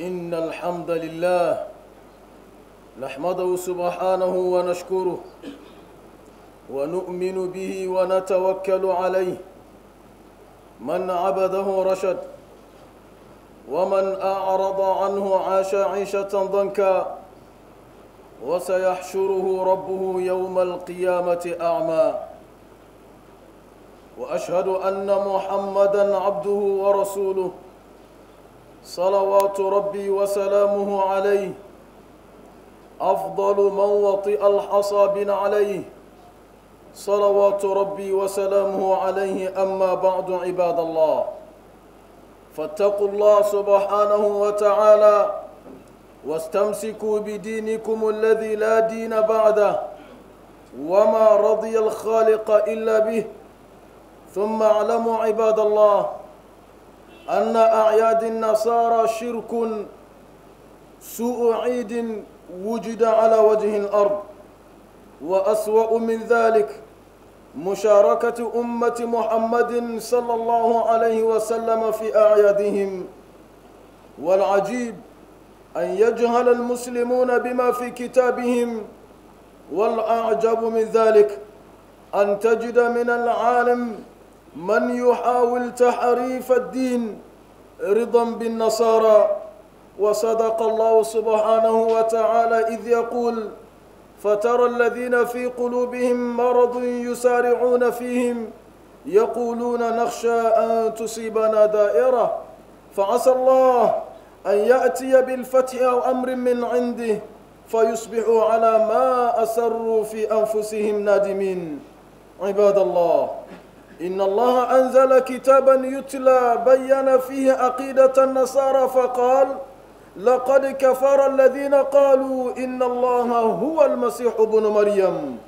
إن الحمد لله نحمده سبحانه ونشكره ونؤمن به ونتوكل عليه من عبده رشد ومن أعرض عنه عاش عيشة ضنكا وسيحشره ربه يوم القيامة أعمى وأشهد أن محمدًا عبده ورسوله صلوات ربي وسلامه عليه أفضل من وطئ الحصى بن عليه صلوات ربي وسلامه عليه أما بعد عباد الله فاتقوا الله سبحانه وتعالى واستمسكوا بدينكم الذي لا دين بعده وما رضي الخالق إلا به ثم اعلموا عباد الله أن أعياد النصارى شرك سوء عيد وجد على وجه الأرض وأسوأ من ذلك مشاركة أمة محمد صلى الله عليه وسلم في أعيادهم والعجيب أن يجهل المسلمون بما في كتابهم والأعجب من ذلك أن تجد من العالم من يحاول تحريف الدين رضا بالنصارى وصدق الله سبحانه وتعالى إذ يقول فترى الذين في قلوبهم مرض يسارعون فيهم يقولون نخشى أن تصيبنا دائرة فعسى الله أن يأتي بالفتح أو أمر من عنده فيصبحوا على ما أسروا في أنفسهم نادمين عباد الله إن الله أنزل كتابا يتلى بين فيه عقيدة النصارى فقال لقد كفر الذين قالوا إن الله هو المسيح ابن مريم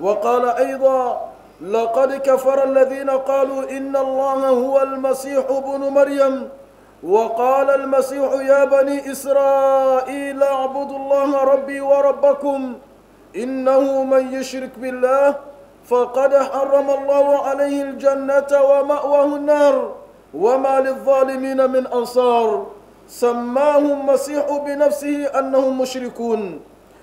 وقال أيضا لقد كفر الذين قالوا إن الله هو المسيح ابن مريم وقال المسيح يا بني إسرائيل اعبدوا الله ربي وربكم إنه من يشرك بالله فقد حرم الله عليه الجنة ومأواه النار وما للظالمين من أنصار سماهم مسيح بنفسه أنهم مشركون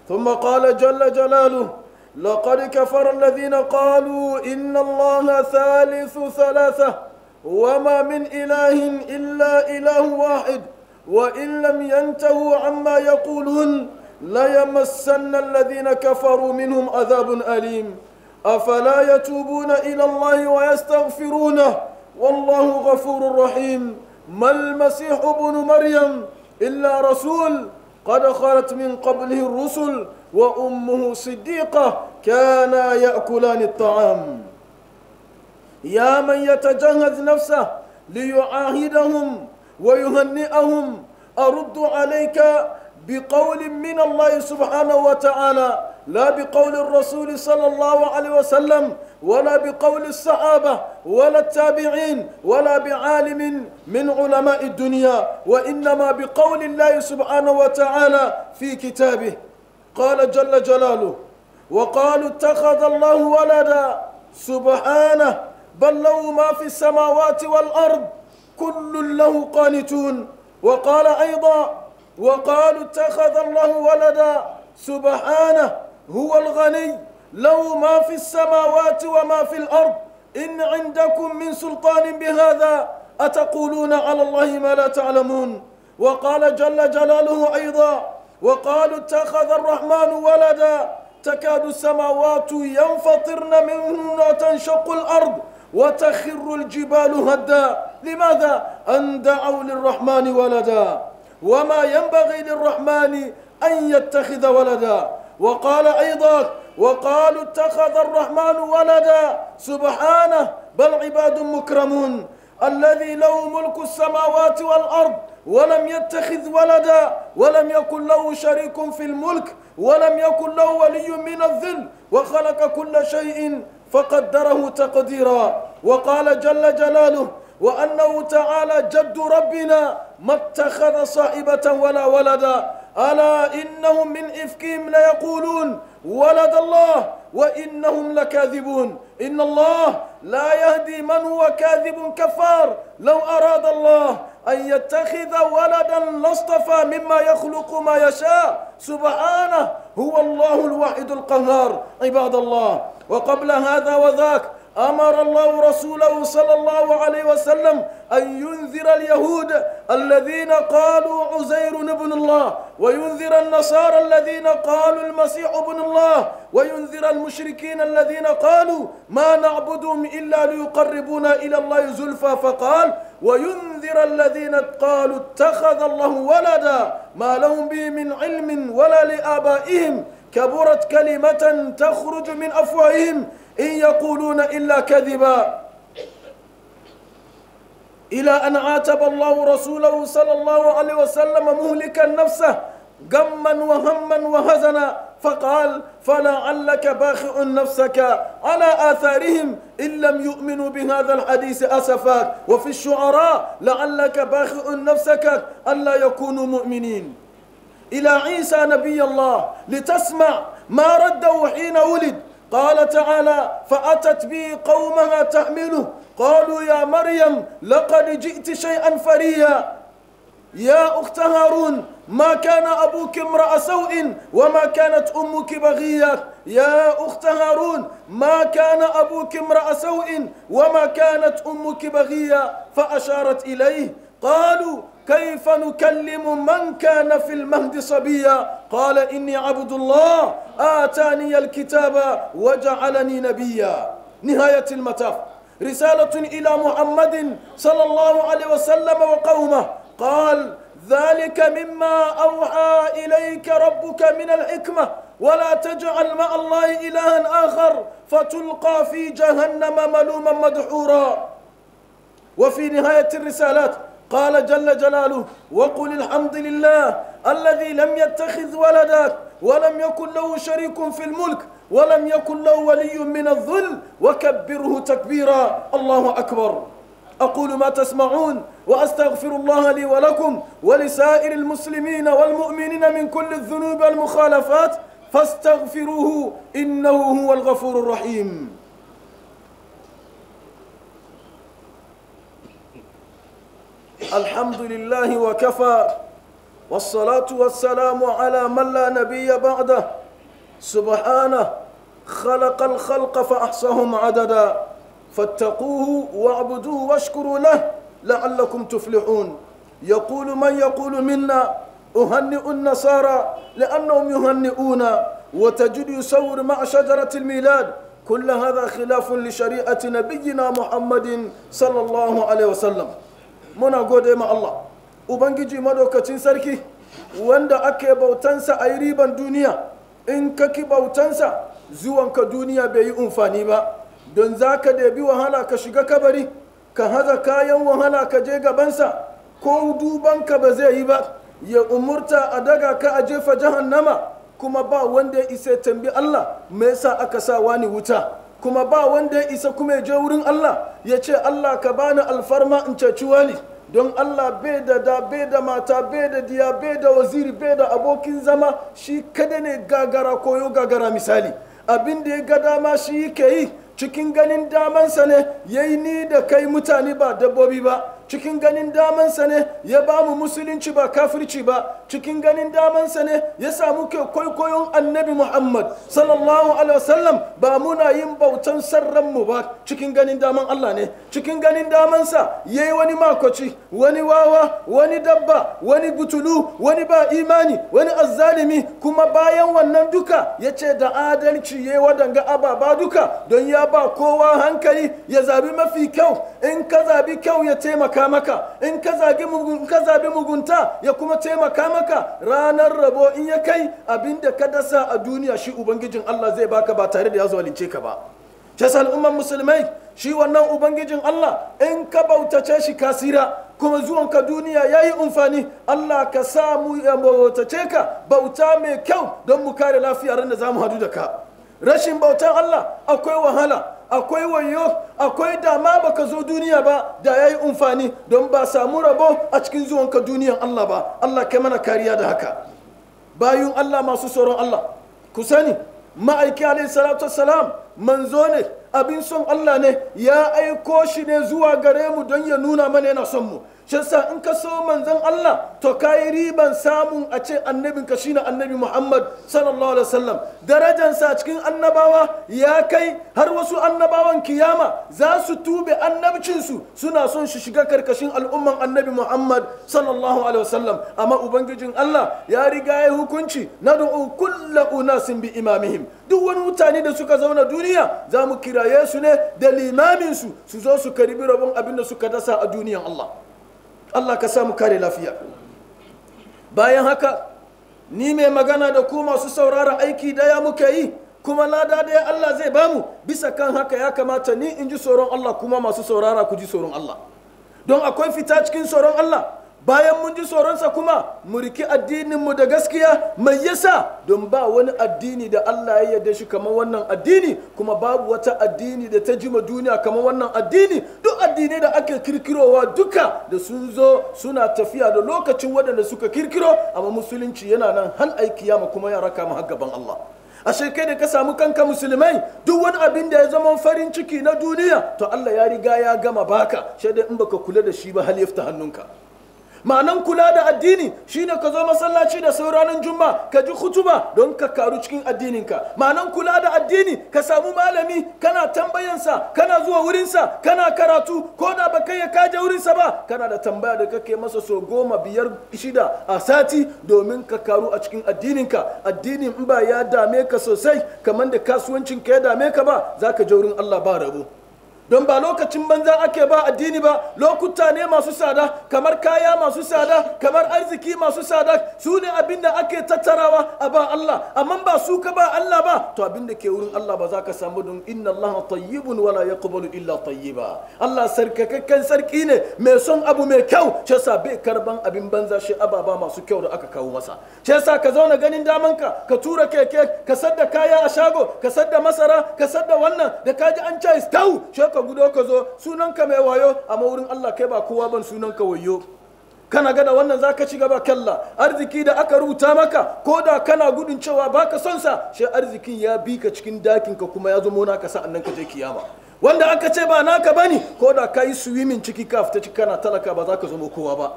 ثم قال جل جلاله لقد كفر الذين قالوا إن الله ثالث ثلاثة وما من إله إلا إله واحد وإن لم ينتهوا عما يقولون ليمسن الذين كفروا منهم عذاب أليم أفلا يتوبون إلى الله ويستغفرونه والله غفور رحيم ما المسيح ابن مريم إلا رسول قد خلت من قبله الرسل وأمه صديقة كانا يأكلان الطعام يا من يتجهز نفسه ليعاهدهم ويهنئهم أرد عليك بقول من الله سبحانه وتعالى لا بقول الرسول صلى الله عليه وسلم ولا بقول الصحابة ولا التابعين ولا بعالم من علماء الدنيا وإنما بقول الله سبحانه وتعالى في كتابه قال جل جلاله وقالوا اتخذ الله ولدا سبحانه بل له ما في السماوات والأرض كل له قانتون وقال أيضا وقالوا اتخذ الله ولدا سبحانه هو الغني له ما في السماوات وما في الأرض إن عندكم من سلطان بهذا أتقولون على الله ما لا تعلمون وقال جل جلاله أيضا وقالوا اتخذ الرحمن ولدا تكاد السماوات ينفطرن منه وتنشق الأرض وتخر الجبال هدا لماذا أن دعوا للرحمن ولدا وما ينبغي للرحمن أن يتخذ ولدا وقال أيضا وقالوا اتخذ الرحمن ولدا سبحانه بل عباد مكرمون الذي له ملك السماوات والأرض ولم يتخذ ولدا ولم يكن له شريك في الملك ولم يكن له ولي من الذل وخلق كل شيء فقدره تقديرا وقال جل جلاله وأنه تعالى جد ربنا ما اتخذ صائبة ولا ولدا ألا إنهم من إفكهم ليقولون ولد الله وإنهم لكاذبون إن الله لا يهدي من هو كاذب كفار لو أراد الله أن يتخذ ولدا لاصطفى مما يخلق ما يشاء سبحانه هو الله الواحد القهار عباد الله وقبل هذا وذاك أمر الله رسوله صلى الله عليه وسلم أن ينذر اليهود الذين قالوا عزير ابن الله وينذر النصارى الذين قالوا المسيح ابن الله وينذر المشركين الذين قالوا ما نعبدهم إلا ليقربونا إلى الله زلفى فقال وينذر الذين قالوا اتخذ الله ولدا ما لهم به من علم ولا لآبائهم كبرت كلمة تخرج من أفواههم إن يقولون إلا كذبا إلى أن عاتب الله رسوله صلى الله عليه وسلم مهلكا نفسه غما وهما وهزنا فقال فلعلك باخع نفسك على آثارهم إن لم يؤمنوا بهذا الحديث أسفا وفي الشعراء لعلك باخع نفسك ألا يكونوا مؤمنين إلى عيسى نبي الله لتسمع ما رده حين ولد قال تعالى فأتت به قومها تحمله قالوا يا مريم لقد جئت شيئا فريا يا أخت هارون ما كان أبوك امرأ سوء وما كانت أمك بغية يا أخت هارون ما كان أبوك امرأ سوء وما كانت أمك بغية فأشارت إليه قالوا كيف نكلم من كان في المهد صبيا قال إني عبد الله آتاني الكتاب وجعلني نبيا نهاية المطاف رسالة إلى محمد صلى الله عليه وسلم وقومه قال ذلك مما أوحى إليك ربك من الحكمة ولا تجعل مع الله إلها آخر فتلقى في جهنم ملوما مدحورا وفي نهاية الرسالات قال جل جلاله وقل الحمد لله الذي لم يتخذ ولدا ولم يكن له شريك في الملك ولم يكن له ولي من الذل وكبره تكبيرا الله أكبر أقول ما تسمعون وأستغفر الله لي ولكم ولسائر المسلمين والمؤمنين من كل الذنوب والمخالفات فاستغفروه إنه هو الغفور الرحيم الحمد لله وكفى والصلاة والسلام على من لا نبي بعده سبحانه خلق الخلق فأحصاهم عددا فاتقوه واعبدوه واشكروا له لعلكم تفلحون يقول من يقول منا أهنئ النصارى لأنهم يهنئون وتجد يصور مع شجرة الميلاد كل هذا خلاف لشريعة نبينا محمد صلى الله عليه وسلم muna gode ma Allah ubangiji madaukacin sarki wanda ake bautansa a yi riban duniya in ka ki bautansa zuwanka duniya bai yi umfani ba don za ka debi wahala ka shiga kabari ka haza kayan wahala ka je gabansa ko dubanka ba zai yi ba ya umurta a daga ka a jefa nama kuma ba wanda ya isa tambi Allah me yasa aka sa wani wuta kuma ba wanda ya isa kuma ya je wurin Allah ya ce Allah ka bani alfarma in ceci wani don Allah bai da da bai da mata bai da diya bai da waziri bai da abokin zama shi kada ne gagara koyo gagara misali abin da ya ga dama shi yake yi cikin ganin damansa ne ya yi ni da kai mutane ba dabbobi ba cikin ganin damansa ne ya ba mu musulunci ba kafirci ba cikin ganin damansa ne ya samu ke kwaikwayon annabi muhammad sallallahu alaihi wasallam ba muna yin bautan sarran mu ba cikin ganin daman allah ne cikin ganin damansa ya yi wani makoci wani wawa wani dabba wani butulu wani ba imani wani azzalimi kuma bayan wannan duka ya ce da adalci ya yi wadanga ababa duka don ya ba kowa hankali ya zabi mafi kyau in ka zabi kyau ya taimaka taimaka maka in ka zagi zabi mugunta ya kuma taimaka maka ranar rabo in ya kai da ka dasa a duniya shi ubangijin Allah zai baka ba tare da ya zalunce ka ba ta al'ummar musulmai shi wannan ubangijin Allah in ka bautace shi kasira kuma zuwanka duniya ya yi umfani Allah ka sa mu bautace ka bauta mai kyau don mu kare lafiya ran da za mu hadu da ka rashin bautan Allah akwai wahala akwai wayo akwai dama baka zo duniya ba da yayi umfani don ba samu rabo a cikin zuwanka duniyan Allah ba Allah kai mana kariya da haka bayun Allah masu tsoron Allah ku sani ma'aiki alayhi salatu wassalam manzo ne abin son Allah ne ya aiko shi ne zuwa gare mu don ya nuna mana yana son mu shin in ka so manzon Allah to kayi riban samun a ce annabin ka shine annabi Muhammad sallallahu alaihi wasallam darajar sa cikin annabawa ya kai har wasu annabawan kiyama za su tube annabcin su suna son shi shiga karkashin al'umman annabi Muhammad sallallahu alaihi wasallam amma ubangijin Allah ya riga ya hukunci na kullu unasin bi imamihim duk wani mutane da suka zauna duniya za mu kiraye su ne da limamin su su zo su karbi rabon abin da suka dasa a duniyan Allah Allah ka samu kare lafiya bayan haka ni mai magana da ku masu saurara aiki daya muka yi kuma lada daya Allah zai bamu bisa kan haka ya kamata ni in ji tsoron Allah kuma masu saurara ku ji tsoron Allah don akwai fita cikin tsoron Allah bayan mun ji tsoronsa kuma mu riki addininmu da gaskiya mai yasa don ba wani addini da Allah ya yarda shi kamar wannan addini kuma babu wata addini da ta jima duniya kamar wannan addini duk addinai da ake kirkirowa duka da sun zo suna tafiya da lokacin waɗanda suka kirkiro amma musulunci yana nan har aikiyama kuma ya raka mu gaban Allah A kai da ka samu kanka musulmai duk wani abin da ya zama farin ciki na duniya to Allah ya riga ya gama baka shaidai in baka kula da shi ba hal yafta hannunka ma'anan kula da addini shine ka zo masallaci da sauranin juma ka ji hutuba don ka karu cikin addininka ma'anan kula da addini ka samu malami kana tambayansa kana zuwa wurinsa kana karatu ko da ba kai ya kaje wurinsa ba kana da tambaya da kake masa so goma biyar shida a sati domin ka karu a cikin addininka addinin in ba ya dame ka sosai kamar da kasuwancin ka ya dame ka ba za ka je wurin Allah ba rabo don ba lokacin banza ake ba addini ba lokuta ne masu tsada kamar kaya masu tsada kamar arziki masu tsada su ne abin da ake tattarawa a ba Allah amma ba su ka ba Allah ba to abin da ke wurin Allah ba za ka samu don inna Allah tayyibun wala yaqbalu illa tayyiba Allah sarkakakken sarki ne mai son abu mai kyau shi yasa bai karban abin banza shi ababa masu kyau da aka kawo masa shi yasa ka zauna ganin daman ka ka tura keke ka sadda kaya a shago ka sadda masara ka sadda wannan da kaji an ce stau shi ka ka gudo ka zo sunanka mai wayo amma wurin Allah kai ba kowa ban sunanka wayo kana gada wannan za ka ci gaba kalla arziki da aka rubuta maka ko da kana gudun cewa baka son sa shi arzikin ya bi ka cikin dakin ka kuma ya zama naka sannan ka je kiyama wanda aka ce ba naka bane ko da ka yi swimming ciki ka fita kana talaka ba za ka zo kowa ba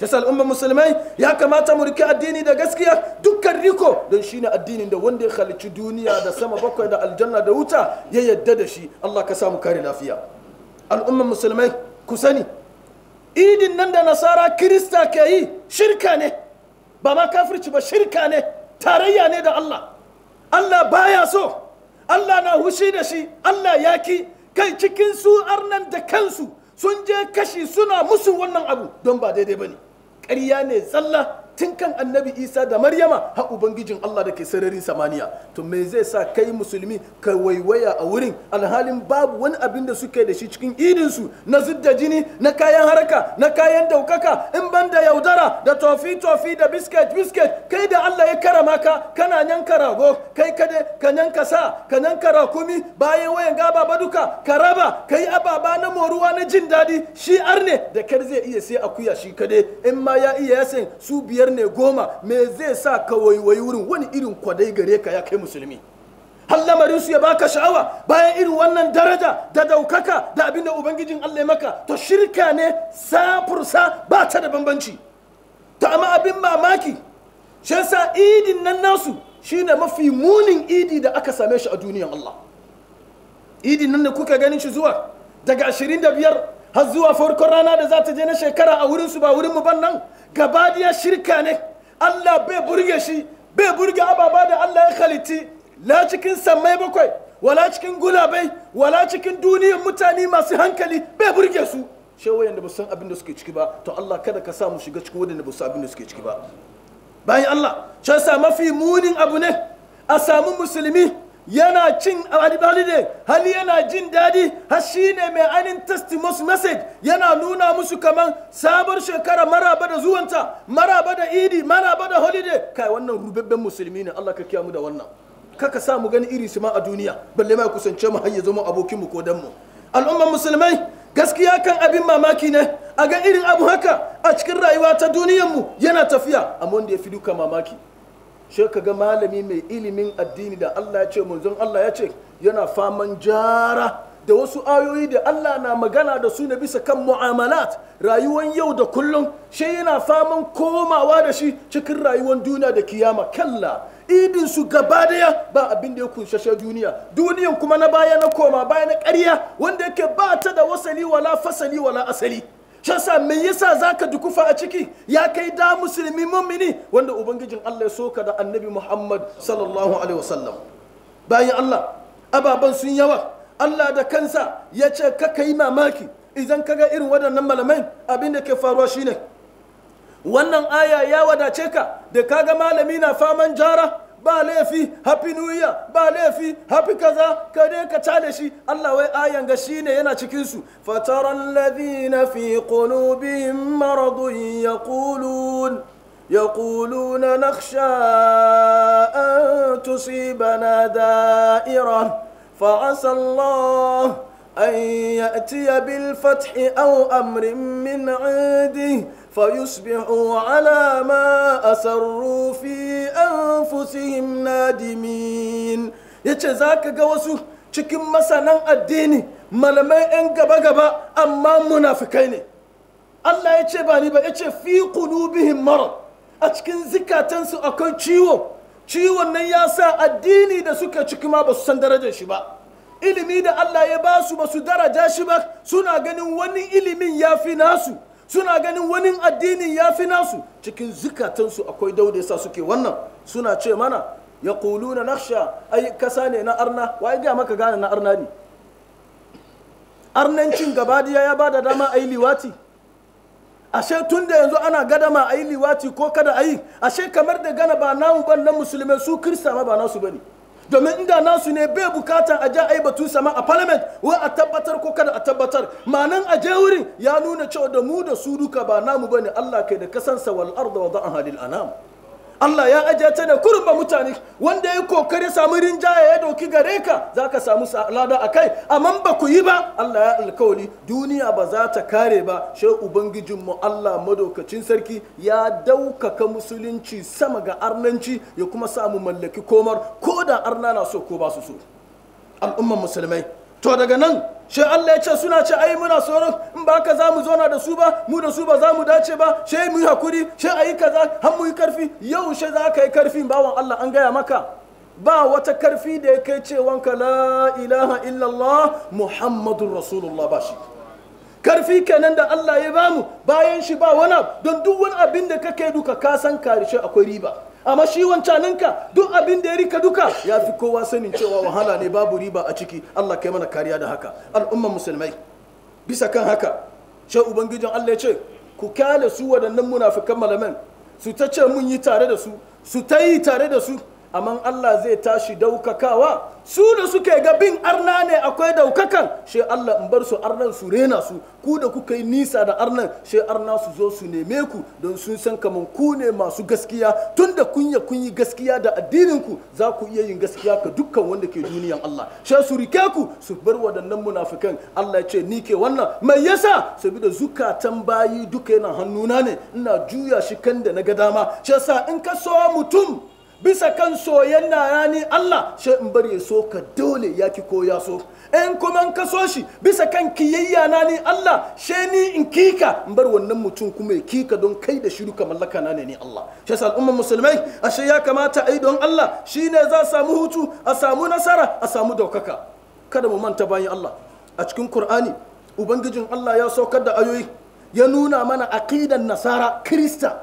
yasa al'umma musulmai ya kamata mu rike addini da gaskiya dukkan riko don shine addinin da wanda ya halicci duniya da sama bakwai da aljanna da wuta ya yadda da shi Allah ka samu kare lafiya al'umma musulmai ku sani idin nan da nasara kirista ke yi shirka ne ba ma kafirci ba shirka ne tarayya ne da Allah Allah baya so Allah na hushi da shi Allah ya ki kai cikin su arnan da kansu sun je kashi suna musu wannan abu don ba daidai ba ne ƙarya ne tsalla tun kan annabi isa da maryama ha ubangijin allah da ke sararin samaniya to me zai sa kai musulmi ka waiwaya a wurin alhalin babu wani abin da suke da shi cikin idinsu na zidda jini na kayan haraka na kayan daukaka in ban da yaudara da tofi tofi da biskit biskit kai da allah ya karama ka kana yanka rago kai kade ka yanka sa ka yanka rakumi bayan wayan gaba ba duka ka raba kai ababa na moruwa na jin daɗi shi arne da kar zai iya sai akuya shi kade in ma ya iya yasin su biyar biyar ne goma me zai sa ka waiwayi wurin wani irin kwadai gare ka ya kai musulmi har lamarin su ya baka sha'awa bayan irin wannan daraja da daukaka da abinda ubangijin Allah ya maka to shirka ne safursa ba ta da bambanci ta amma abin mamaki shi sa idin nan nasu shine mafi munin idi da aka same shi a duniyan Allah idin nan da kuka ganin shi zuwa daga 25 har zuwa farkon rana da za ta je na shekara a wurinsu ba wurinmu ban nan gabadiya shirka ne allah bai burge shi bai burge ababa da allah ya halitti la cikin sammai bakwai wala cikin gulabai wala cikin duniyar mutane masu hankali bai burge su she wayanda ba san abin da suke ciki ba to allah kada ka sa mu shiga cikin wayanda ba san abin da suke ciki ba bayan allah can sa mafi munin abu ne a samu musulmi yana cin alibalide hali yana jin daɗi har shi ne mai ainihin testimos message yana nuna musu kamar sabar shekara maraba da zuwanta maraba da idi maraba da holiday kai wannan rubabben musulmi ne Allah ka kiyamu da wannan kaka sa mu gani iri su ma a duniya balle ma kusance mu hayya zama abokin mu ko dan mu Al'ummar musulmai gaskiya kan abin mamaki ne a ga irin abu haka a cikin rayuwa ta duniyar mu yana tafiya amma wanda ya fi duka mamaki shi ka ga malami mai ilimin addini da Allah ya ce manzon Allah ya ce yana faman jara da wasu ayoyi da Allah na magana da su na bisa kan mu'amalat rayuwar yau da kullum shi yana faman komawa da shi cikin rayuwar duniya da kiyama kalla idin su gaba daya ba abin da ya kunshashe duniya duniyan kuma na baya na koma baya na ƙarya wanda yake ba ta da wasali wala fasali wala asali Shasa me yasa zaka dukufa a ciki ya kai da musulmi mumini wanda ubangijin Allah ya soka da annabi Muhammad sallallahu alaihi wasallam bayan Allah ababan sun yawa Allah da kansa ya ce ka yi mamaki idan kaga irin waɗannan malamai abin da ke faruwa shine wannan aya ya wadace ka da kaga malami na faman jara ba laifi happy new year ba laifi happy kaza ka dai ka cale shi Allah wai ayan ga shine yana cikin su fataran ladina fi qulubihim maradun yaqulun يقولون نخشى أن تصيبنا دائرة فعسى الله أن يأتي بالفتح أو أمر من عنده فيصبحوا على ما أسروا في أنفسهم نادمين yace za ka ga wasu cikin masanan addini malamai 'yan gaba-gaba amma munafikai ne Allah ya ce ba ni ba ya ce fi qulubihim mara. a cikin zikatansu akwai ciwo ciwon nan ya sa addini da suka ciki ma ba su san darajar shi ba ilimi da Allah ya ba su ba su daraja shi ba suna ganin wani ilimin ya fi nasu suna ganin wani addinin ya fi nasu cikin zukatansu akwai dauda sa suke wannan suna ce mana ya kulu na naksha ai kasa ne na arna waye gaya maka gane na arna ne arnancin gabadiya ya ba da dama a yi liwati ashe tun da yanzu ana gadama a yi liwati ko kada a yi ashe kamar da gana ba namu ban na musulmai su kirista ma ba nasu ba ne domin inda nasu ne bai bukatar a ja a yi sama a parliament wai a tabbatar ko kada a tabbatar ma'anan a je wurin ya nuna cewa da mu da su duka ba namu bane Allah kai da kasansa wal arda wa da'an halil anam Allah ya ajiye ta da kurba mutane wanda ya kokari samu rinjaye ya doki gare ka za ka samu lada a kai amma ba ku yi ba Allah ya alkawali duniya ba za ta kare ba shi ubangijinmu Allah madaukacin sarki ya daukaka musulunci sama ga arnanci ya kuma samu mallaki komar ko da arna na so ko ba su so al'umman musulmai to daga nan she Allah ya ce suna ce ai muna tsoron in ba ka za mu zauna da su ba mu da su ba za mu dace ba she mu yi hakuri she ayi kaza har mu yi karfi yau she za ka yi karfi bawan Allah an gaya maka ba wata karfi da ya kai ce wanka la ilaha illallah muhammadun rasulullah ba shi karfi kenan da Allah ya bamu bayan shi ba wani don duk wani abin da kake duka ka san karshe akwai riba amma shi wancaninka duk abin da ya rika duka ya fi kowa sanin cewa wahala ne babu riba a ciki Allah kai mana kariya da haka al'umman musulmai bisa kan haka shi ubangijin Allah ya ce ku kyale su waɗannan munafikan malaman su ta ce mun yi tare da su su ta yi tare da su amma Allah zai tashi daukakawa su da suke ga bin arna ne akwai daukakan she Allah in bar su arnan su rena su ku da kuka yi nisa da arnan she arna su zo su neme ku don sun san kaman ku ne masu gaskiya tunda kunya kun yi gaskiya da addinin ku za ku iya yin gaskiya ka dukkan wanda ke duniyan Allah she su rike ku su bar wadannan munafikan Allah ya ce ni ke wannan mai yasa saboda zukatan bayi duka yana hannuna ne ina juya shi kan da na ga dama she sa in ka so mutum bisa kan soyayyen na ni Allah sai in bari ya so ka dole ya ki ko ya so in kuma in ka so shi bisa kan kiyayya na ni Allah sai ni in kika in bar wannan mutum kuma ya kika don kai da shiru ka mallaka na ne ni Allah shi yasa al'ummar musulmai ashe ya kamata ai don Allah shine za samu hutu a samu nasara a samu daukaka kada mu manta bayan Allah a cikin Qur'ani ubangijin Allah ya saukar da ayoyi ya nuna mana aqidan nasara krista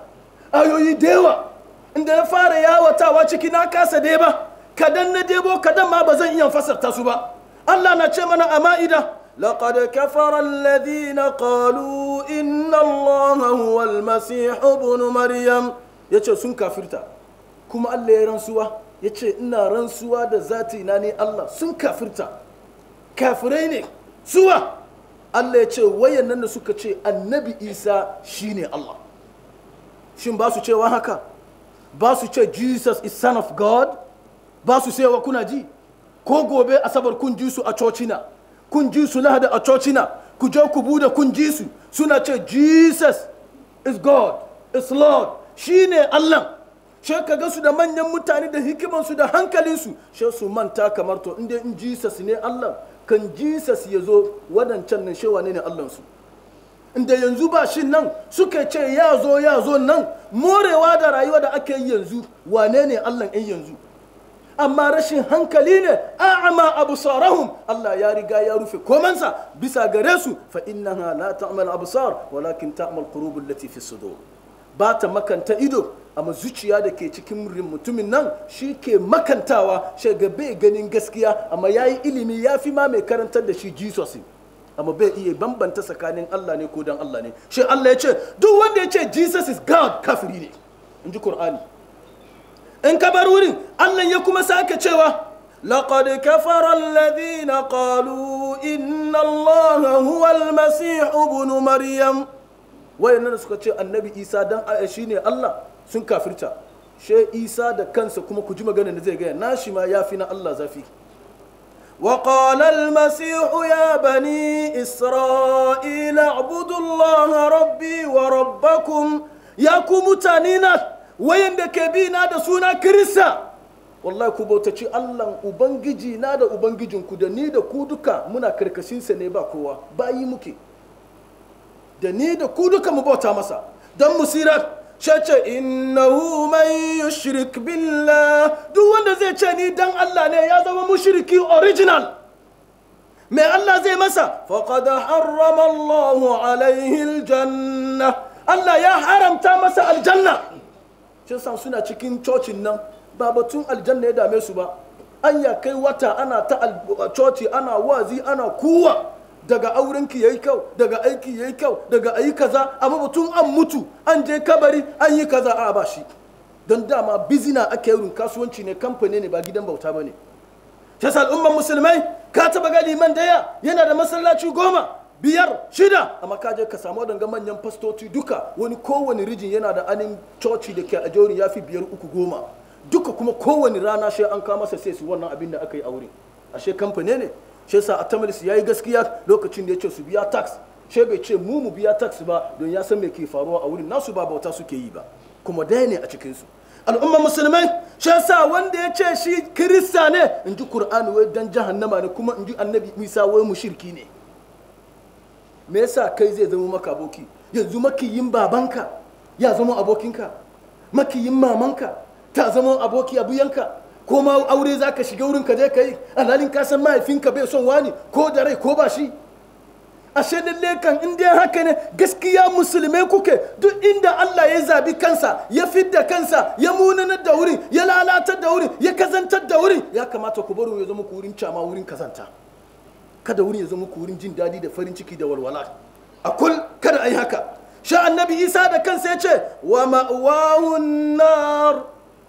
ayoyi dewa. inda ya fara yawatawa ciki na kasa dai ba kadan na debo kadan ma ba zan iya fasarta su ba Allah na ce mana a ma'ida لقد كفر الذين inna إن الله هو المسيح ابن مريم yace sun kafirta kuma Allah ya rantsuwa yace ina ransuwa da zati na ne Allah sun kafirta kafirai ne suwa Allah ya ce wayannan da suka ce annabi Isa shine Allah shin ba su cewa haka basu ce jesus is son of god basu su wa kuna ji ko gobe asabar kun ji su a cocina kun ji su lahada a cocina ku je ku bude kun ji su suna ce jesus is god is lord shi ne allah she ka ga su da manyan mutane da hikimansu da hankalinsu she su manta kamar to inda in jesus ne allah kan jesus ya zo wadancan nan shewa ne ne allahnsu inda yanzu ba shi nan suka ce ya zo ya zo nan morewa da rayuwa da ake yi yanzu wane ne allah in yanzu amma rashin hankali ne abu absarahum Allah ya riga ya rufe komansa bisa gare su fa inna la ta'mal absar walakin ta'mal qulub allati fi sudur ba ta makanta ido amma zuciya da ke cikin mutumin nan shi ke makantawa shi ga bai ganin gaskiya amma yayi ilimi ya fi ma mai karantar da shi Jesus amma bai iya bambanta tsakanin Allah ne ko dan Allah ne shi Allah ya ce duk wanda ya ce Jesus is God kafiri ne in ji Qur'ani in ka bar wurin Allah ya kuma sake cewa لقد كفر الذين قالوا إن الله هو المسيح maryam. مريم wayannan suka ce annabi isa dan aya shine Allah sun kafirta she isa da kansa kuma ku ji magana da zai gaya shi ma yafi na Allah zafi وقال المسيح يا بني إسرائيل اعبدوا الله ربي وربكم يا كمتانينا وين كبينا دا سونا كرسا wallahi ku bautaci Allahn Ubangiji na da Ubangijinku da ni da ku duka muna karkashinsa ne ba kowa bayi muke da ni da ku duka mu bauta masa don mu musirar cece innahu man yushrik billah duk wanda zai ce ni dan Allah ne ya zama mushriki original mai Allah zai masa faqad harrama Allahu alaihi aljanna Allah ya haramta masa aljanna shi san suna cikin cocin nan ba batun aljanna ya dame su ba an ya kai wata ana ta uh, coci ana wazi ana kuwa daga aurenki ya yi kyau daga aiki yi kyau daga ayi kaza amma batun an mutu an je kabari an yi kaza a ba shi don dama bizina ake yin kasuwanci ne kamfani ne ba gidan bauta ba ne shasa al'ummar musulmai ka taba ga liman daya yana da masallaci goma biyar shida amma ka je ka samu wadanga manyan fastoci duka wani kowane rijin yana da anin coci da ke a jori ya fi biyar uku goma duka kuma kowane rana shi an kama sai su wannan abin da aka yi aure ashe kamfani ne shi yasa tamilis ya yi gaskiya lokacin da ya ce su biya tax shi bai ce mu mu biya tax ba don ya san me ke faruwa a wurin nasu ba bauta suke yi ba kuma daya ne a cikinsu al'umma musulmai shi yasa wanda ya ce shi kirista ne in ji wai dan jahannama ne kuma in ji annabi isa wai mushirki ne me yasa kai zai zama maka aboki yanzu makiyin babanka ya zama abokinka makiyin mamanka ta zama aboki abuyanka ko ma aure za ka shiga wurin ka je ka yi alhalin ka san mahaifinka bai son wani ko da rai ko ba shi ashe lalle kan in dai haka ne gaskiya musulmai kuke duk inda Allah ya zabi kansa ya fidda kansa ya munanar da wurin ya lalatar da wurin ya kazantar da wurin ya kamata ku baro ya zama ku wurin cama wurin kazanta kada wurin ya zama ku wurin jin dadi da farin ciki da walwala a kul kada ai haka sha annabi isa da kansa ya ce wa ma'wahun nar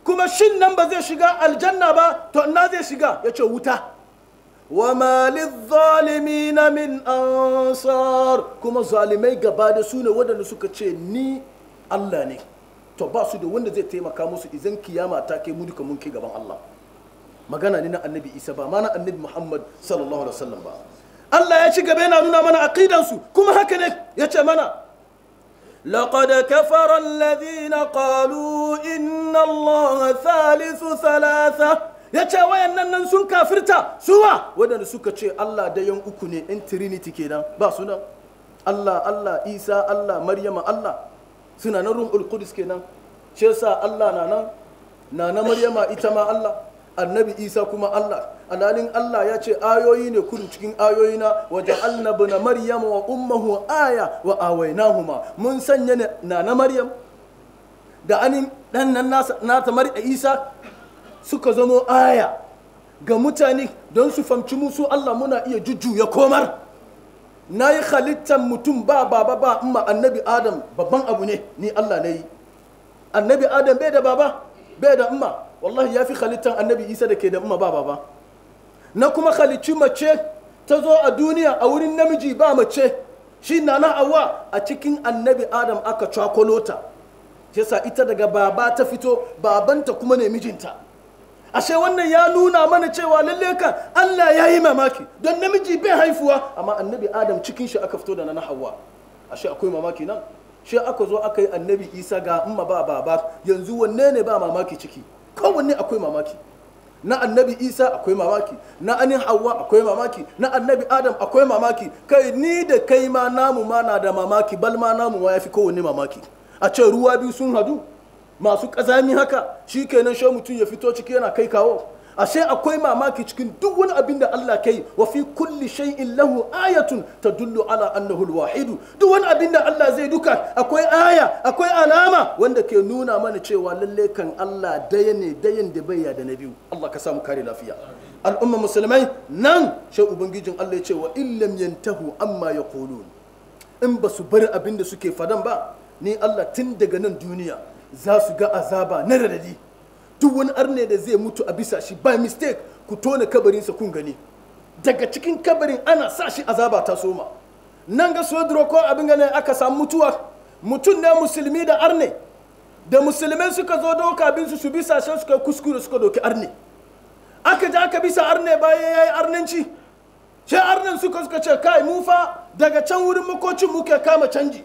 kuma shin nan ba zai shiga aljanna ba to ina zai shiga ya ce wuta wa malin na min ansar kuma zalimai gaba da su ne waɗanda suka ce ni Allah ne to ba su da wanda zai taimaka musu idan kiyama ta kai mu duka mun kai gaban Allah magana ne na annabi Isa ba ma na annabi Muhammad sallallahu alaihi wasallam ba Allah ya ci gaba yana nuna mana aqidansu kuma haka ne ya ce mana لقد كفر الذين قالوا إن الله ثالث ثلاثة ya ce wayannan nan sun kafirta suwa waɗanda suka ce Allah da yan uku ne in trinity kenan ba sunan Allah Allah Isa Allah Maryama Allah suna nan ruhul qudus kenan shi yasa Allah na nan na na Maryama ita ma Allah annabi isa kuma allah alalin allah ya ce ayoyi ne kudu cikin na wajen annabi na maryam wa ummahu aya wa awainahuma mun sanya na na maryam da anin dan nan nata mar'a isa suka zamo aya ga mutane don su famci musu allah muna iya jujjuya komar na yi halittar mutum ba baba ba amma annabi adam babban abu ne ni allah na yi annabi adam bai da baba bai da umma wallahi ya fi halittar annabi isa da ke da umma ba na kuma halicci mace ta zo a duniya a wurin namiji ba mace shi na na awa a cikin annabi adam aka cakolota yasa ita daga baba ta fito babanta kuma ne mijinta ashe wannan ya nuna mana cewa lalle kan Allah ya yi mamaki don namiji bai haifuwa amma annabi adam cikin shi aka fito da na hawa ashe akwai mamaki nan shi aka zo aka yi annabi isa ga umma ba baba yanzu wanne ne ba mamaki ciki kowanne akwai mamaki na annabi isa akwai mamaki na anin hawa akwai mamaki na annabi adam akwai mamaki kai ni da kai ma namu ma na da mamaki bal ma namu ma ya fi kowanne mamaki a ce ruwa biyu sun hadu masu ƙazami haka shi kenan shi mutum ya fito ciki yana kai kawo ashe akwai mamaki cikin duk wani abin da Allah kai wa fi kulli shay'in lahu ayatun tadullu ala annahu alwahid duk wani abin da Allah zai duka akwai aya akwai alama wanda ke nuna mana cewa lalle kan Allah daya ne dayan da bayya da na biyu Allah ka samu kare lafiya al'umma musulmai nan shi ubangijin Allah ya ce wa illam yantahu amma yaqulun in ba su bar abin da suke fadan ba ni Allah tun daga nan duniya za su ga azaba na radadi duk wani arne da zai mutu a bisa shi by mistake ku tona kabarinsa kun gani daga cikin kabarin ana sa shi azaba ta soma nan ga sodro ko abin ganin aka samu mutuwa mutum ne musulmi da arne da musulmai suka zo doka abin su su bisa shi suka kuskure suka doki arne aka ji aka bisa arne bayan yayi arnanci sai arnan suka suka ce kai mu fa daga can wurin makocin muke kama canji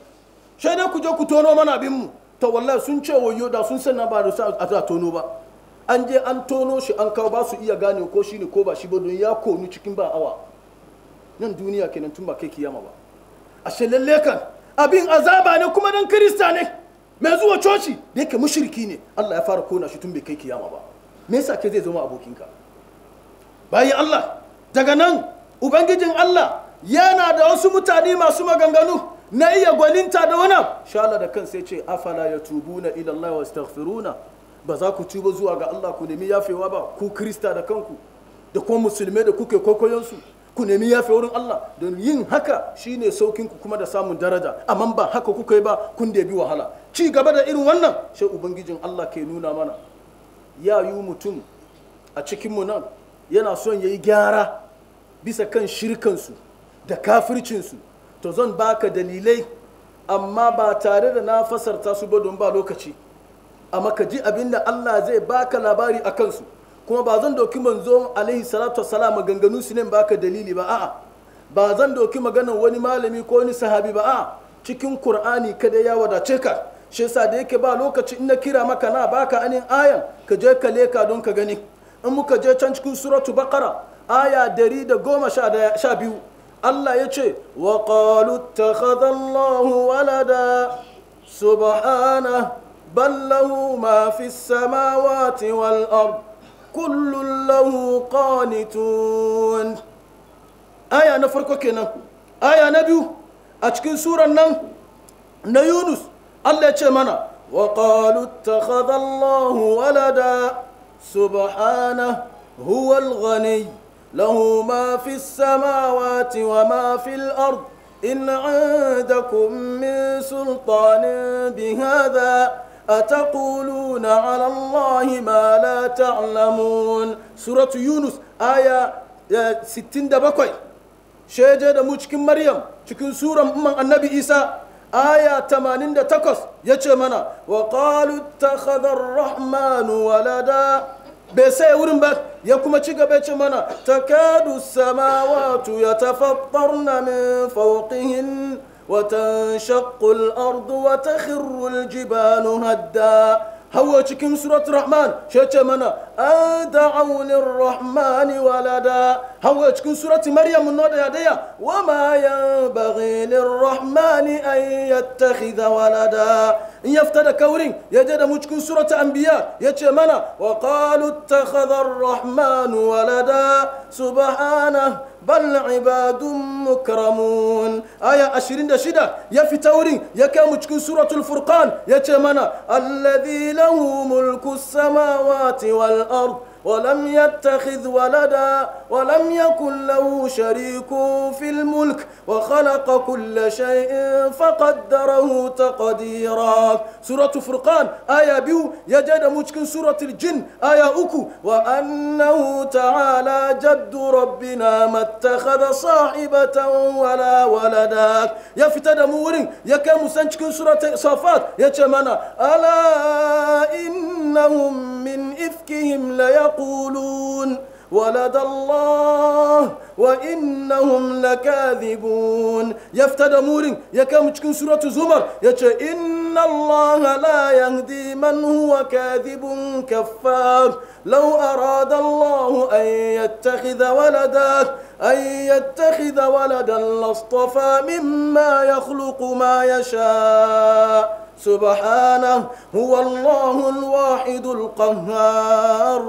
She dai ku je ku tono mana abin mu to wallahi sun ce wayo da sun san ba da a tono ba an je an tono shi an kawo ba su iya gane ko shi ne ko ba shi ba don ya konu cikin ba awa nan duniya kenan tun ba kai kiyama ba ashe lalle kan abin azaba ne kuma dan kirista ne mai zuwa coci da yake mushriki ne Allah ya fara kona shi tun bai kai kiyama ba me yasa ke zai zama abokinka bayi Allah daga nan ubangijin Allah yana da wasu mutane masu maganganu na iya gwalinta da wani sha Allah da kan sai ce afala yatubuna ila Allah wa ba za ku ba zuwa ga Allah ku nemi yafewa ba ku krista da kanku da kuma musulmai da kuke kokoyonsu ku nemi yafe wurin Allah don yin haka shine ku kuma da samun daraja amma ba haka kuka yi ba kun da bi wahala ci gaba da irin wannan sai ubangijin Allah ke nuna mana ya yi mutum a cikinmu nan yana son ya yi gyara bisa kan shirkansu da kafircinsu to zan baka dalilai amma ba tare da na fasarta su ba don ba lokaci a ka ji abin da Allah zai baka labari a kansu kuma ba zan doki manzo alaihi salatu wassalam maganganu su ne baka dalili ba a'a ba zan doki maganan wani malami ko wani sahabi ba a'a cikin Qur'ani kada ya wadace ka shi yasa da yake ba lokaci in na kira maka na baka anin ayan ka je ka leka don ka gani in muka je can cikin suratu baqara aya dari da goma sha biyu Allah ya ce wa qalu takhadha walada subhanahu بل له ما في السماوات والأرض كل له قانتون آية نفرق كنا آية نبيو أتكن سورة نن نيونس الله يتمنى وقالوا اتخذ الله ولدا سبحانه هو الغني له ما في السماوات وما في الأرض إن عندكم من سلطان بهذا أتقولون على الله ما لا تعلمون سورة يونس آية, آية ستين دبكوي شجاة مُشْكِمْ مريم تكن سورة من النبي إيسى آية تمانين تكس يتشمنا وقالوا تخذ الرحمن ولدا بس بسي ورنبا يكما تشيغا بيتشمنا تكاد السماوات يتفطرن من فوقهن وتنشق الأرض وتخر الجبال هدا هو cikin سورة الرحمن shece أن دعوا للرحمن ولدا هو تكون سورة مريم يا ديا وما ينبغي للرحمن أن يتخذ ولدا إن يفتد كورين يجد مجكون سورة أنبياء تيمانا وقالوا اتخذ الرحمن ولدا سبحانه بل عباد مكرمون آية أشرين دشدة في تورين يكام تكون سورة الفرقان يا تيمانا الذي له ملك السماوات والأرض الأرض ولم يتخذ ولدا ولم يكن له شريك في الملك وخلق كل شيء فقدره تقديرا سورة فرقان آية بيو يجد مجكن سورة الجن آية أكو وأنه تعالى جد ربنا ما اتخذ صاحبة ولا يا يفتد مورين يكام سنجكن سورة صفات يتمنى ألا إنهم من إفكهم ليقولون ولد الله وإنهم لكاذبون يفتد مورين يكام تشكن سورة زمر يا إن الله لا يهدي من هو كاذب كفار لو أراد الله أن يتخذ ولدا أن يتخذ ولدا لاصطفى مما يخلق ما يشاء subhanahu huwa Allahu wahidul qahhar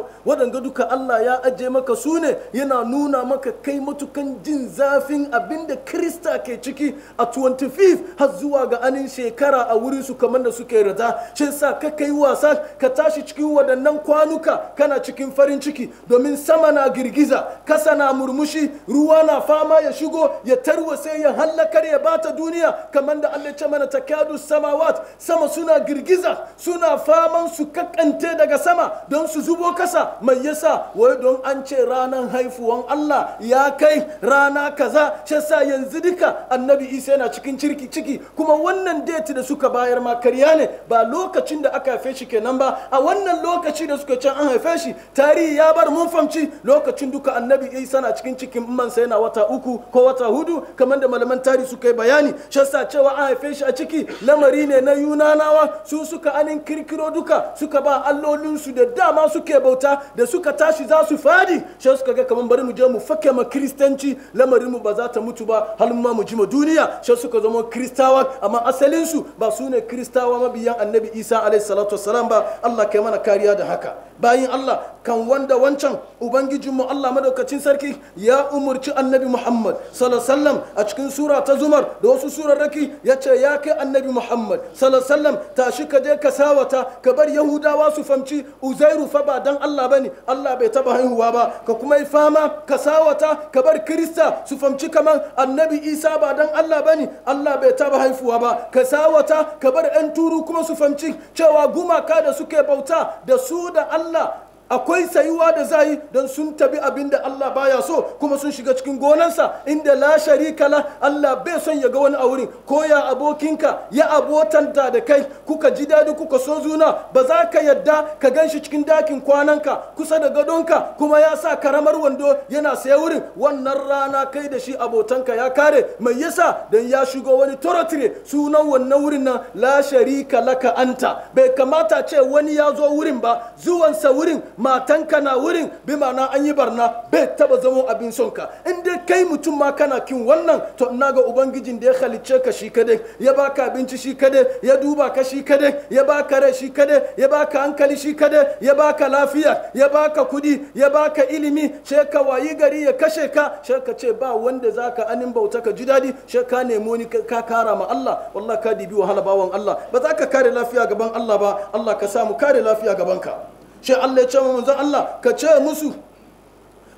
duka Allah ya aje maka sune yana nuna maka kai matukan jin zafin abinda Krista ke ciki a 25 har zuwa ga anin shekara a wurin su kamar da suke rata shi sa ka kai wasa ka tashi cikin wadannan kwanuka kana cikin farin ciki domin sama na girgiza kasa na murmushi ruwa na fama ya shigo ya tarwa sai ya hallakar ya bata duniya kamar da Allah ya ce mana takadu samawat sama suna girgiza suna faman su kakkante daga sama don su zubo kasa mai yasa wai don an ce ranan haifuwan Allah ya kai rana kaza yasa yanzu duka annabi isa yana cikin cirki ciki kuma wannan date da suka bayar ma karya ne ba lokacin da aka haife shi kenan ba a wannan lokaci da suka can an haife shi tarihi ya bar mun famci lokacin duka annabi isa na cikin cikin mansa yana wata uku ko wata hudu kamar da malaman tarihi suka yi bayani yasa cewa an haife shi a ciki lamari ne na yu yunanawa su suka anin kirkiro duka suka ba allolinsu da dama suke bauta da suka tashi za su fadi shi suka ga kamar bari mu je mu fake ma kiristanci lamarin mu ba za ta mutu ba halin ma mu ji ma duniya shi suka zama kiristawa amma asalinsu ba su ne kristawa mabiyan annabi isa alaihi salatu wassalam ba allah kai mana kariya da haka bayin allah kan wanda wancan ubangijinmu allah madaukacin sarki ya umurci annabi muhammad sallallahu alaihi wasallam a cikin sura ta zumar da wasu surarraki ya ce ya kai annabi muhammad sallallahu alaihi wasallam tashi ka je ka sawata ka bar yahudawa su famci uzairu fa ba dan Allah bane Allah bai taba haihuwa ba ka kuma yi fama ka sawata ka bar krista su famci kaman annabi isa ba dan Allah bane Allah bai taba haihuwa ba ka sawata ka bar yan turu kuma su famci cewa gumaka da suke bauta da su da Allah akwai sayuwa da za yi don sun tabi abin da Allah baya so kuma sun shiga cikin gonansa inda la sharika la Allah bai son ya ga wani a wurin ko ya abokinka ya abotanta da kai kuka ji dadi kuka so zuna ba za ka yadda ka gan shi cikin dakin kwananka kusa da gadonka kuma ya sa karamar wando yana saya wurin wannan rana kai da shi abotanka ya kare mai yasa don ya shigo wani torotire sunan wannan wurin nan la sharika laka anta bai kamata ce wani ya zo wurin ba zuwansa wurin matanka na wurin bi ma'ana an yi barna bai taba zama abin son ka in dai kai mutum ma kana kin wannan to ina ga ubangijin da ya halicce ka shi kadai ya baka abinci shi kadai ya duba ka shi kadai ya baka rai shi kadai ya baka hankali shi kadai ya baka lafiya ya baka kudi ya baka ilimi sai ka wayi gari ya kashe ka sai ka ce ba wanda zaka anin bauta ka ji dadi sai ka nemo ni ka kara ma Allah wallahi ka dibi wahala bawan Allah ba za ka kare lafiya gaban Allah ba Allah ka samu kare lafiya gaban ka shi Allah ya ce manzon Allah ka ce musu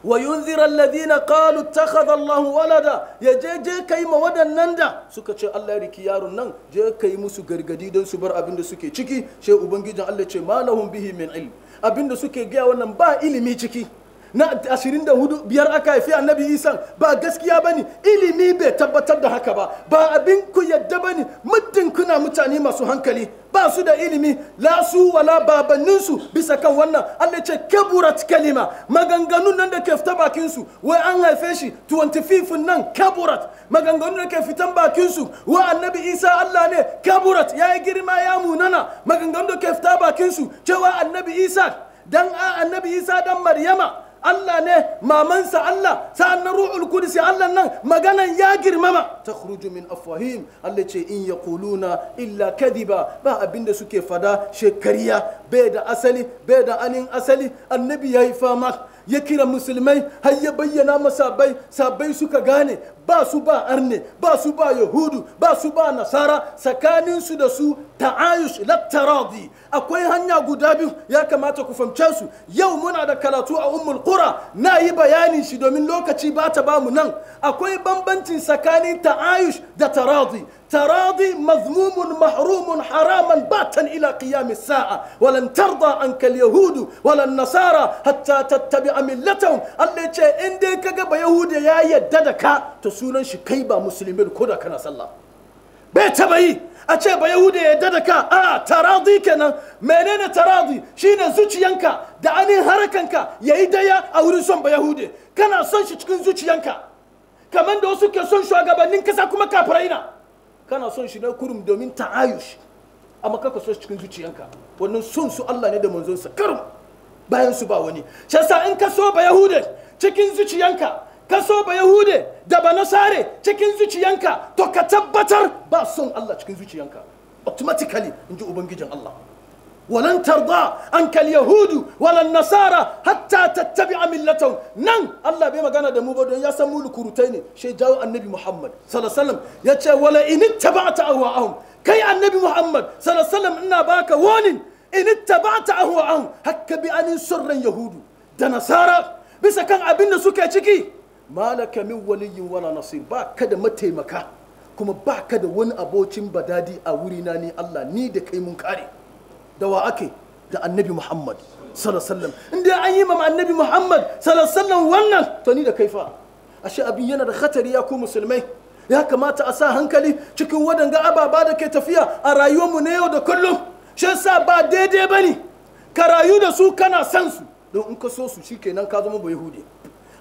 wa yunzira alladhina qalu ittakhadha Allahu walada ya je je kai ma wadannan da suka ce Allah ya riki yaron nan je kai musu gargadi don su bar abin da suke ciki shi ubangijin Allah ce malahum bihi min ilm abin da suke gaya wannan ba ilimi ciki na hudu biyar aka haifi annabi isan ba gaskiya ba ne ilimi bai tabbatar da haka ba ba abin ku yadda ba ne muddin kuna mutane masu hankali ba su da ilimi la su wala babanninsu bisa kan wannan allah ce kaburat kalima maganganu nan da ke fita bakinsu wai an haife shi 25 nan kaburat maganganun da ke fitan bakinsu wa annabi isa allah ne kaburat ya yi girma ya munana maganganun da ke fita bakinsu cewa annabi isa dan annabi isa dan maryama Allah ne mamansa Allah sa'annan ruhul qudus Allah nan maganan ya girmama ta min afwahim Allah ce in na illa kadiba ba abinda suke fada shekariya bai da asali bai da anin asali annabi yayi fama ya kira musulmai har ya bayyana masabai sabai suka gane ba su ba arne ba su ba yahudu ba su ba nasara tsakaninsu da su ta'ayush la taradi akwai hanya guda biyu ya kamata ku fahimce su yau muna da karatu a ummul qura na yi bayanin shi domin lokaci ba ta ba nan akwai bambancin tsakanin ta'ayush da taradi taradi mazmumun mahrumun haraman batan ila qiyami sa'a walan tarda an kal yahudu walan nasara hatta tattabi'a millatahum Allah ce in dai kaga ba yahudi ya yadda da ka ta sunan shi kai ba musulmin ko da na sallah bai taba yi a ce ba yahuda ya da ka a taradi kenan menene taradi shine zuciyanka da anin harakanka yayi daya a wurin son ba yahude kana son shi cikin zuciyanka kamar da wasu ke son shugabannin kasa kuma kafirai na kana son shi na kurum domin ta'ayush amma kaka son shi cikin zuciyanka wannan son su Allah ne da sa karum bayan su ba wani shi in ka so ba yahude cikin zuciyanka ka so ba yahude da ba nasare cikin zuciyanka to ka tabbatar ba son Allah cikin zuciyanka automatically in ji ubangijin Allah walan tarda an kal yahudu walan nasara hatta tattabi'a millatan nan Allah bai magana da mu ba don ya san mu lukurutai ne shi jawo annabi Muhammad sallallahu alaihi wasallam yace wala in ittaba'ta ahwa'ahum kai annabi Muhammad sallallahu alaihi wasallam ina baka warning in ittaba'ta ahwa'ahum hakka bi anin surran yahudu da nasara bisa kan abin da suke ciki malaka min waliyin wala nasir ba ka da mataimaka kuma ba ka da wani abocin badadi a wurina ne Allah ni da kai mun kare da wa ake da annabi Muhammad sallallahu inda an yi ma annabi Muhammad sallallahu wannan to ni da kai fa ashe abin yana da khatari ya ku musulmai ya kamata a sa hankali cikin wadanga ababa da ke tafiya a rayuwarmu na yau da kullum shi yasa ba daidai bane ka rayu da su kana san su don in ka so su shikenan ka zama ba yahudi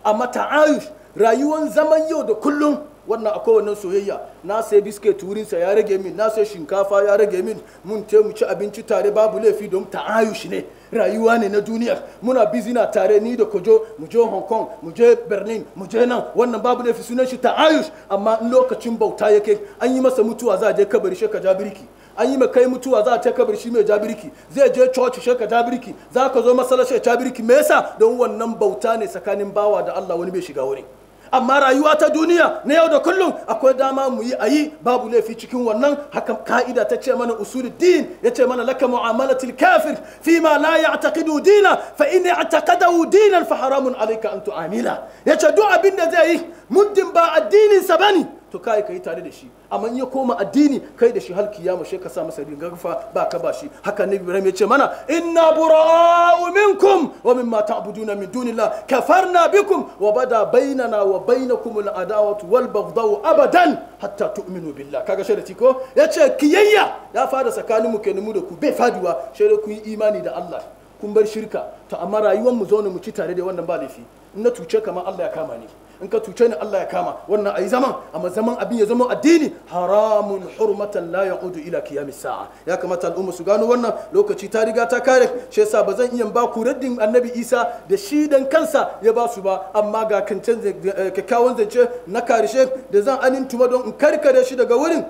amma ta'ayush rayuwar zaman yau da kullum wannan a kowane soyayya na sai biskit wurinsa ya rage min na sai shinkafa ya rage min mun te mu ci abinci tare babu laifi don ta'ayushi ne rayuwa ne na duniya muna bizina tare ni da kojo mu je hong kong mu je berlin mu je nan wannan babu laifi sunan shi ta'ayush amma in lokacin bauta yake kai an yi masa mutuwa za a je kabari shi ka ja birki an yi kai mutuwa za a ta kabari shi mai ja birki zai je coci shi ka ja birki za ka zo masallaci ya ja birki me yasa don wannan bauta ne tsakanin bawa da Allah wani bai shiga wuri. amma rayuwa ta duniya na yau da kullum akwai dama mu yi ayi babu laifi cikin wannan haka ka'ida ta ce mana usul din ya ce mana laka mu'amalatil kafir fi ma la ya'taqidu dina fa in ya'taqadahu dinan fa haramun alayka an tu'amila yace duk abin da zai yi muddin ba addinin sa bane to kai yi tare da shi amma in ya koma addini kai da shi har kiyama shi ka sa masa rigarfa ba ka ba shi haka ne Ibrahim ya ce mana inna bura'u minkum wa mimma ta'buduna min dunillah kafarna bikum wa bada bainana wa bainakum al'adawatu wal baghdau abadan hatta tu'minu billah kaga tiko ko ki kiyayya ya fara tsakanin mu kenan mu da ku bai faduwa da ku yi imani da Allah kun bar shirka to amma rayuwar mu zo mu ci tare da wannan ba laifi in na tuce kamar Allah ya kama ni in ka cuce ni Allah ya kama wannan ayi zaman amma zaman abin ya zama addini haramun hurmatan la yaqudu ila qiyamis sa'a ya kamata al'umma su gano wannan lokaci ta riga ta kare shi yasa bazan iya ba ku raddin annabi Isa da shi dan kansa ya ba su ba amma ga kancan eh, kyakkyawan zance na karshe da zan anintuma don in karkare shi daga wurin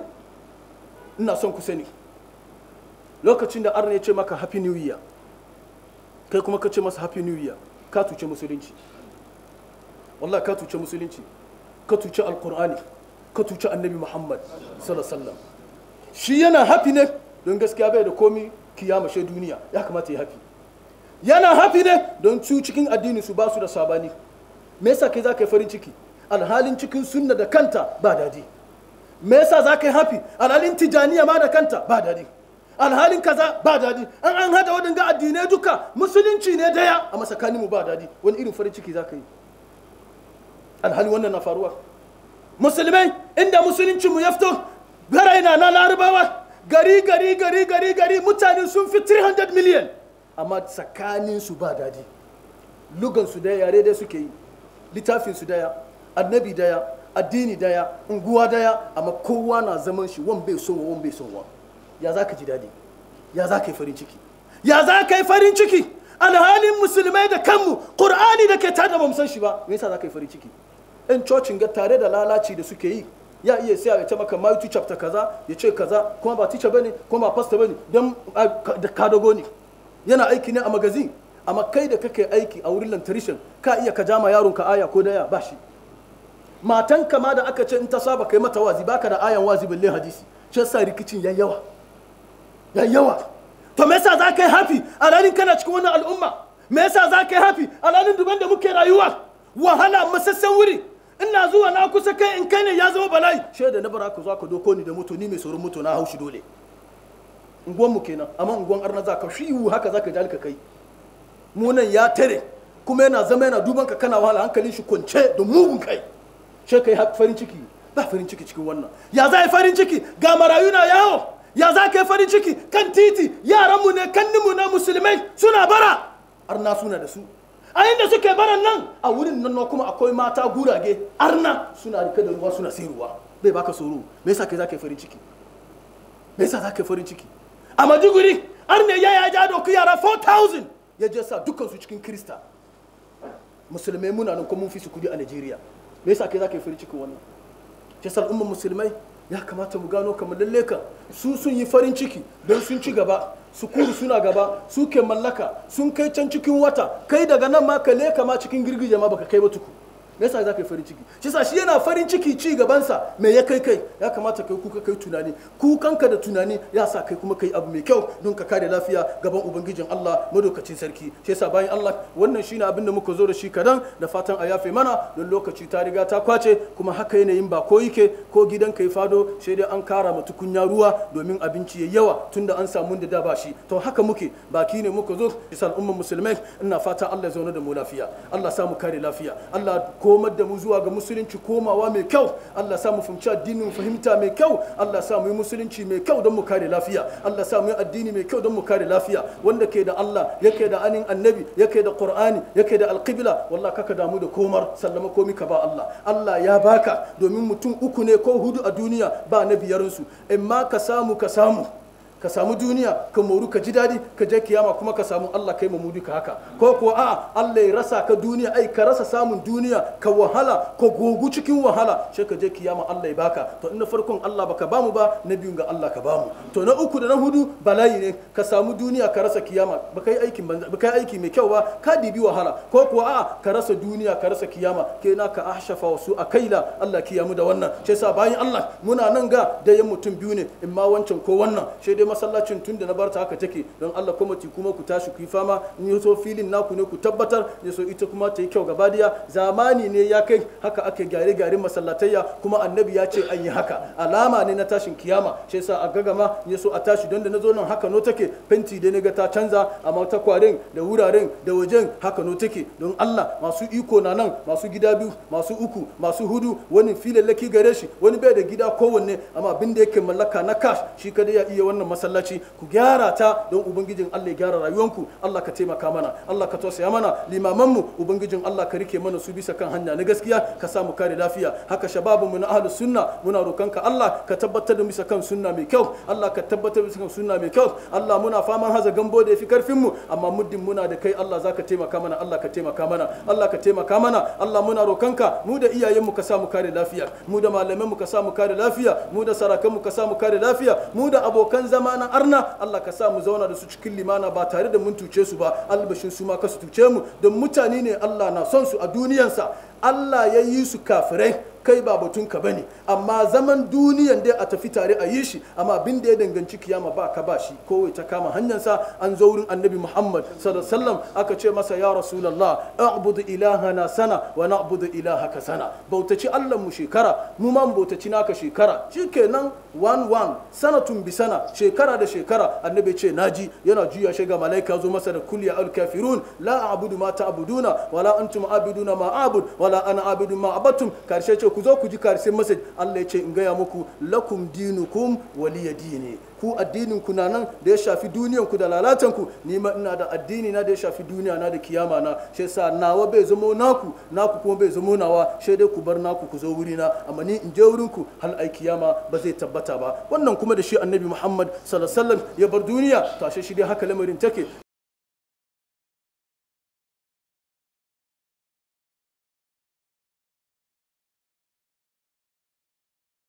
ina son ku sani lokacin da arna ya ce maka happy new year kai kuma ka ce masa happy new year ka tuce musulunci wallah ka tuce musulunci ka tuce alkur'ani ka tuce annabi muhammad sallallahu shi yana hafi ne don gaskiya bai da komi shi duniya ya kamata ya hafi yana hafi ne don cu cikin addini su ba su da sabani me yasa kai za ka yi farin ciki alhalin cikin sunna da kanta ba dadi me yasa za ka yi hafi alhalin tijaniya ma da kanta ba dadi alhalin kaza ba dadi an an hada waɗanda addinai duka musulunci ne daya a mu ba dadi wani irin farin ciki za ka yi alhali wannan na faruwa musulmai inda musuluncinmu ya fito garaina na larabawa gari gari gari gari gari mutane sun fi 300 miliyan amma tsakaninsu ba daɗi lugansu daya yare da suke yi littafinsu daya annabi daya addini daya unguwa daya amma kowa na zaman shi wan bai so wan bai wa ya za ka ji daɗi ya za ka yi farin ciki ya za ka yi farin ciki alhalin musulmai da kanmu qur'ani da ke tada ba mu san shi ba me yasa za ka yi farin ciki 'yan cocin ga tare da lalaci da suke yi ya iya sai ya ce maka Matthew chapter kaza ya ce kaza kuma ba teacher bane kuma ba pastor bane dan da ne yana aiki ne a magazin amma kai da kake aiki a wurin lantarishin ka iya ka jama yaron ka aya ko daya ba shi matan kama da aka ce in ta saba kai mata wazi baka da ayan wazi balle hadisi shi sa rikicin yan yawa to me yasa za ka yi a alalin kana cikin wannan al'umma me yasa za ka yi happy alalin duban da muke rayuwa wahala masassan wuri ina zuwa na kusa kai in kai ne ya zama bala'i shaida na bara ka zo ka doko ni da moto ni mai tsoron moto na haushi dole unguwan mu kenan amma unguwan arna za ka shiwu haka za ka jalika kai mu nan ya tare kuma yana zama yana duban ka kana wahala hankalin shi kwance da mugun kai she kai farin ciki ba farin ciki cikin wannan ya za yi farin ciki ga marayu na yawo ya za ka yi farin ciki kan titi yaranmu ne kanninmu na musulmai suna bara arna suna da su a inda suke baran nan a wurin nan kuma akwai mata gurage arna suna rike da ruwa suna sai ruwa bai baka soro me yasa kai zaka farin ciki me yasa zaka farin ciki a majiguri arne ya ya ja doki yara 4000 ya je sa dukkan su cikin krista musulmai muna nan kuma mun fi su kudi a Najeriya me yasa kai zaka farin ciki wannan sal ummu musulmai ya kamata mu gano kamar lalle ka su sun yi farin ciki don sun ci gaba su sukuru suna gaba suke mallaka sun kai can cikin wata kai daga nan ma ka leka ma cikin girgije ma baka kai ba tuku me yasa za ka yi farin ciki shi sa shi yana farin ciki ci gabansa me ya kai kai ya kamata kai kuka kai tunani kukanka da tunani ya sa kai kuma kai abu mai kyau don ka kare lafiya gaban ubangijin Allah madaukacin sarki shi yasa bayan Allah wannan shine abin da muka zo da shi kadan da fatan a yafe mana don lokaci ta riga ta kwace kuma haka yanayin ba ko yake ko gidan kai fado sai dai an kara ma tukunya ruwa domin abinci yayi yawa tunda an samu da da ba shi to haka muke baki ne muka zo isal al'umma musulmai ina fata Allah ya zauna da mu lafiya Allah mu kare lafiya Allah ko komar da mu zuwa ga musulunci komawa mai kyau Allah sa mu fahimci addini mu fahimta mai kyau Allah sa mu yi musulunci mai kyau don mu kare lafiya Allah sa mu yi addini mai kyau don mu kare lafiya wanda ke da Allah yake da anin annabi yake da Qur'ani yake da alqibla wallahi kaka damu da komar sallama komi ka ba Allah Allah ya baka domin mutum uku ne ko hudu a duniya ba na biyarinsu amma ka samu ka samu ka samu duniya ka moru ka ji daɗi ka je kiyama kuma ka samu Allah kai mamudu ka haka ko kuwa a'a Allah ya rasa ka duniya ai ka rasa samun duniya ka wahala ka gogu cikin wahala sai ka je kiyama Allah ya baka to ina farkon Allah baka bamu ba na biyun ga Allah ka bamu to na uku da na hudu bala'i ne ka samu duniya ka rasa kiyama baka yi aikin baka yi aiki mai kyau ba ka dibi wahala ko kuwa a'a ka rasa duniya ka rasa kiyama ke na ka ahshafa wasu akaila Allah kiyamu da wannan sai sa bayan Allah muna nan ga da yan mutum biyu ne in ma wancan ko wannan sai dai masallacin tun da na barta haka take don Allah kwamati kuma ku tashi ku fama in so filin naku ne ku tabbatar ya so ita kuma ta yi kyau gaba gabadiya zamani ne ya kai haka ake gyare gyare masallatayya kuma annabi ya ce an yi haka alama ne na tashin kiyama shi yasa a gagama ya so a tashi don da na zo nan haka no take fenti da na ga ta canza amma ta kwarin da wuraren da wajen haka no take don Allah masu iko na nan masu gida biyu masu uku masu hudu wani filallaki gare shi wani bai da gida kowanne amma abin da yake mallaka na cash shi kada ya iya wannan masallaci ku gyara ta don ubangijin Allah ya gyara rayuwanku Allah ka taimaka mana Allah ka tausaya mana limamanmu ubangijin Allah ka rike mana su bisa kan hanya na gaskiya ka sa mu kare lafiya haka shababu mu na ahlus sunna muna ka Allah ka tabbatar da bisa kan sunna mai kyau Allah ka tabbatar da bisa kan sunna mai kyau Allah muna faman haza gambo da yafi karfin mu amma muddin muna da kai Allah zaka taimaka mana Allah ka taimaka mana Allah ka taimaka mana Allah muna rokanka mu da iyayenmu ka sa mu kare lafiya mu da malamanmu ka sa mu kare lafiya mu da sarakanmu ka sa mu kare lafiya mu da abokan zama limana arna Allah ka sa mu zauna da su cikin limana ba tare da mun tuce su ba albashin su ma ka su tuce mu don mutane ne Allah na son su a duniyansa Allah ya yi su kafirai kai ba batunka ba ne amma zaman duniyan dai a tafi tare a yi shi amma abin da ya danganci kiyama ba ka ba shi kowai ta kama hanyarsa an zo wurin annabi muhammad sallallahu aka ce masa ya rasulallah a'budu ilahana sana wa na'budu ilahaka sana bautaci allah mu shekara mu ma bautaci naka shekara shikenan one one sanatun bi sana shekara da shekara annabi ce naji yana juya ga malaika zo masa da kulliya al kafirun la a'budu ma ta'buduna wala antum abiduna ma a'bud wala ana abudu ma abattum karshe ce ku zo ku ji karshen message Allah ya ce in gaya muku lakum dinukum waliya dini ku addinin ku na nan da ya shafi duniyan ku da lalatan ku ni ma ina da addini na da ya shafi duniya na da kiyama na shi yasa nawa bai zama naku naku kuma bai zama nawa shi dai ku bar naku ku zo wuri na amma ni in je wurin ku hal ai kiyama ba zai tabbata ba wannan kuma da shi annabi Muhammad sallallahu alaihi wasallam ya bar duniya to shi dai haka lamarin take